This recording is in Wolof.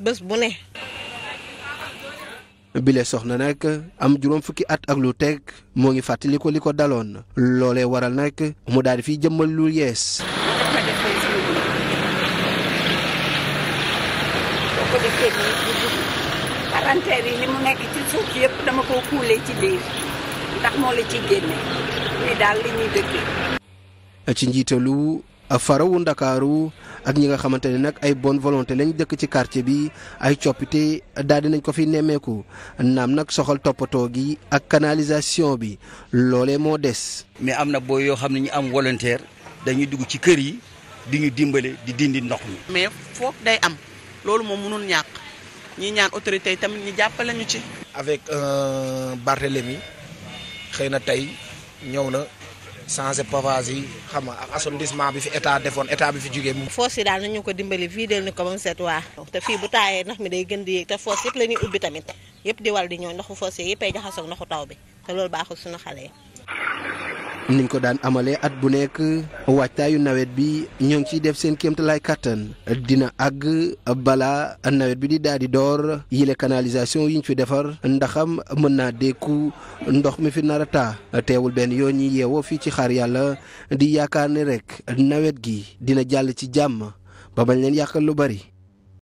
bés bu ne. bile soxna nag am juróom fukki at ak lu teg moo ngi fàttali ko li ko daloon loolee waral nekk mu daal di fiy jëmmal lu yees. palanteer yi li mu nekk ci suuf yëpp dama ko kuulee ci biir ndax moo la ci génne ni daal li ñuy dëkkee. ci njiitalu farawu ndakaaru ak ñi nga xamante ne nag ay bonne volonté lañ dëkk ci quartier bi ay coppite daal nañ ko fi nemmeeku naam nag soxal toppatoo gi ak canalisation bi loole moo des. mais am na booy yoo xam ne ñu am volontaire dañuy dugg ci kër yi di ñu dimbale di dindi ndox mi. mais foog day am loolu moom mënul ñàkk ñi ñaan autorité yi tamit ñu jàppale ñu ci. avec Barthélémy xëy na tey ñëw na. changé pavage yi xam nga ak bi fi état defoon état bi fi jugee moom. yi daal nañu ko dimbali vidéel ni ko ba mu set waa te fii bu taayee ndax mi day gën di yéeg te foos yëpp la ubbi tamit yëpp di di ñëw ndaxu foos yi yëppay jaxasoo ndoxu taw bi te loolu baaxul suñu xale yi niñ ko daan amalee at bu nekk waajtaayu nawet bi ñoo ngi ciy def seen kéemtalaay kàttan dina àgg balaa nawet bi di daal di door yile canalisation yiñ fi defar ndaxam mën naa dékku ndox mi fi narata teewul benn yoon yi yeewoo fii ci xaar yàlla di yaakaar ne rek nawet gi dina jàll ci jàmm ba bañ leen yàqal lu bari